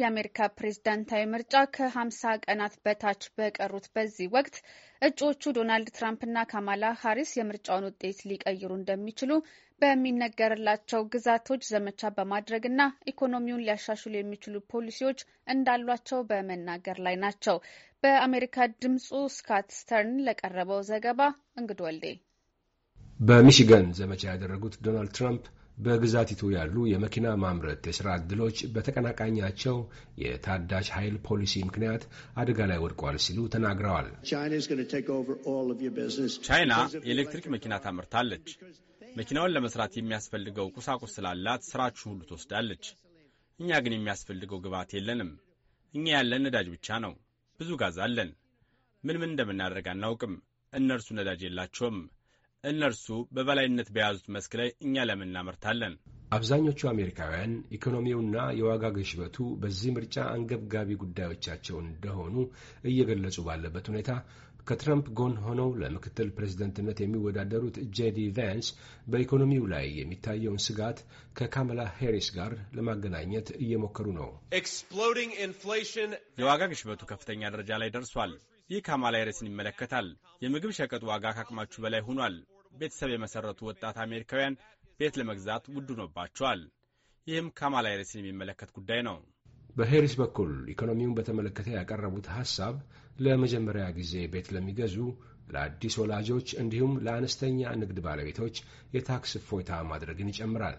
የአሜሪካ ፕሬዝዳንታዊ ምርጫ ከሀምሳ ቀናት በታች በቀሩት በዚህ ወቅት እጩዎቹ ዶናልድ ትራምፕና ካማላ ሀሪስ የምርጫውን ውጤት ሊቀይሩ እንደሚችሉ በሚነገርላቸው ግዛቶች ዘመቻ በማድረግና ኢኮኖሚውን ሊያሻሽሉ የሚችሉ ፖሊሲዎች እንዳሏቸው በመናገር ላይ ናቸው። በአሜሪካ ድምፁ ስካት ስተርን ለቀረበው ዘገባ እንግድ ወልዴ ዘመቻ ያደረጉት ዶናልድ ትራምፕ በግዛቲቱ ያሉ የመኪና ማምረት የሥራ ዕድሎች በተቀናቃኛቸው የታዳሽ ኃይል ፖሊሲ ምክንያት አደጋ ላይ ወድቋል ሲሉ ተናግረዋል። ቻይና የኤሌክትሪክ መኪና ታመርታለች። መኪናውን ለመስራት የሚያስፈልገው ቁሳቁስ ስላላት ስራችሁ ሁሉ ትወስዳለች። እኛ ግን የሚያስፈልገው ግብዓት የለንም። እኛ ያለን ነዳጅ ብቻ ነው። ብዙ ጋዝ አለን። ምን ምን እንደምናደርግ አናውቅም። እነርሱ ነዳጅ የላቸውም። እነርሱ በበላይነት በያዙት መስክ ላይ እኛ ለምን እናመርታለን? አብዛኞቹ አሜሪካውያን ኢኮኖሚውና የዋጋ ግሽበቱ በዚህ ምርጫ አንገብጋቢ ጉዳዮቻቸው እንደሆኑ እየገለጹ ባለበት ሁኔታ ከትረምፕ ጎን ሆነው ለምክትል ፕሬዝደንትነት የሚወዳደሩት ጄዲ ቫንስ በኢኮኖሚው ላይ የሚታየውን ስጋት ከካመላ ሄሪስ ጋር ለማገናኘት እየሞከሩ ነው። የዋጋ ግሽበቱ ከፍተኛ ደረጃ ላይ ደርሷል። ይህ ካማላ ሃሪስን ይመለከታል። የምግብ ሸቀጥ ዋጋ ከአቅማችሁ በላይ ሆኗል። ቤተሰብ የመሠረቱ ወጣት አሜሪካውያን ቤት ለመግዛት ውድ ሆኖባቸዋል። ይህም ካማላ ሃሪስን የሚመለከት ጉዳይ ነው። በሄሪስ በኩል ኢኮኖሚውን በተመለከተ ያቀረቡት ሐሳብ ለመጀመሪያ ጊዜ ቤት ለሚገዙ ለአዲስ ወላጆች እንዲሁም ለአነስተኛ ንግድ ባለቤቶች የታክስ እፎይታ ማድረግን ይጨምራል።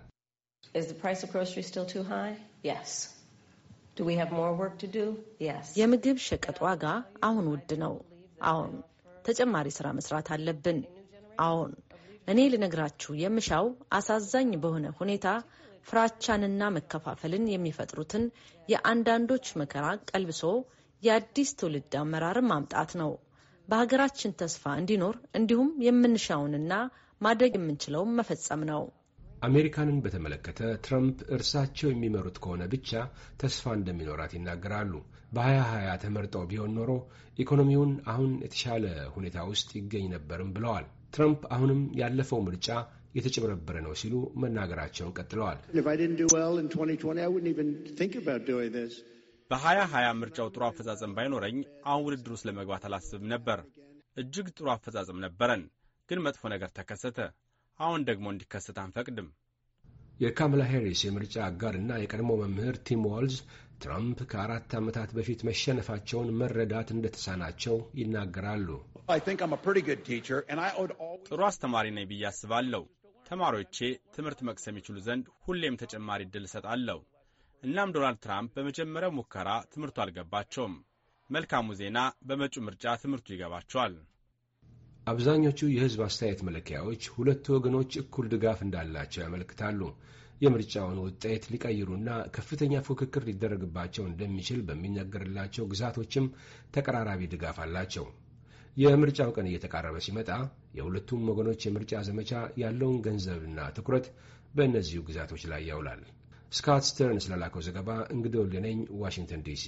የምግብ ሸቀጥ ዋጋ አሁን ውድ ነው። አሁን ተጨማሪ ስራ መስራት አለብን። አሁን እኔ ልነግራችሁ የምሻው አሳዛኝ በሆነ ሁኔታ ፍራቻንና መከፋፈልን የሚፈጥሩትን የአንዳንዶች መከራ ቀልብሶ የአዲስ ትውልድ አመራር ማምጣት ነው። በሀገራችን ተስፋ እንዲኖር እንዲሁም የምንሻውንና ማደግ የምንችለውን መፈጸም ነው። አሜሪካንን በተመለከተ ትረምፕ እርሳቸው የሚመሩት ከሆነ ብቻ ተስፋ እንደሚኖራት ይናገራሉ። በ2020 ተመርጠው ቢሆን ኖሮ ኢኮኖሚውን አሁን የተሻለ ሁኔታ ውስጥ ይገኝ ነበርም ብለዋል። ትረምፕ አሁንም ያለፈው ምርጫ የተጨበረበረ ነው ሲሉ መናገራቸውን ቀጥለዋል። በ2020 ምርጫው ጥሩ አፈጻጸም ባይኖረኝ አሁን ውድድር ውስጥ ለመግባት አላስብም ነበር። እጅግ ጥሩ አፈጻጸም ነበረን፣ ግን መጥፎ ነገር ተከሰተ። አሁን ደግሞ እንዲከሰት አንፈቅድም። የካምላ ሄሪስ የምርጫ አጋር እና የቀድሞ መምህር ቲም ዋልዝ ትራምፕ ከአራት ዓመታት በፊት መሸነፋቸውን መረዳት እንደተሳናቸው ይናገራሉ። ጥሩ አስተማሪ ነኝ ብዬ አስባለሁ። ተማሪዎቼ ትምህርት መቅሰም ይችሉ ዘንድ ሁሌም ተጨማሪ እድል እሰጣለሁ። እናም ዶናልድ ትራምፕ በመጀመሪያው ሙከራ ትምህርቱ አልገባቸውም። መልካሙ ዜና በመጪው ምርጫ ትምህርቱ ይገባቸዋል። አብዛኞቹ የህዝብ አስተያየት መለኪያዎች ሁለቱ ወገኖች እኩል ድጋፍ እንዳላቸው ያመለክታሉ። የምርጫውን ውጤት ሊቀይሩና ከፍተኛ ፉክክር ሊደረግባቸው እንደሚችል በሚነገርላቸው ግዛቶችም ተቀራራቢ ድጋፍ አላቸው። የምርጫው ቀን እየተቃረበ ሲመጣ የሁለቱም ወገኖች የምርጫ ዘመቻ ያለውን ገንዘብና ትኩረት በእነዚሁ ግዛቶች ላይ ያውላል። ስካት ስተርንስ ለላከው ዘገባ እንግዶ ልነኝ ዋሽንግተን ዲሲ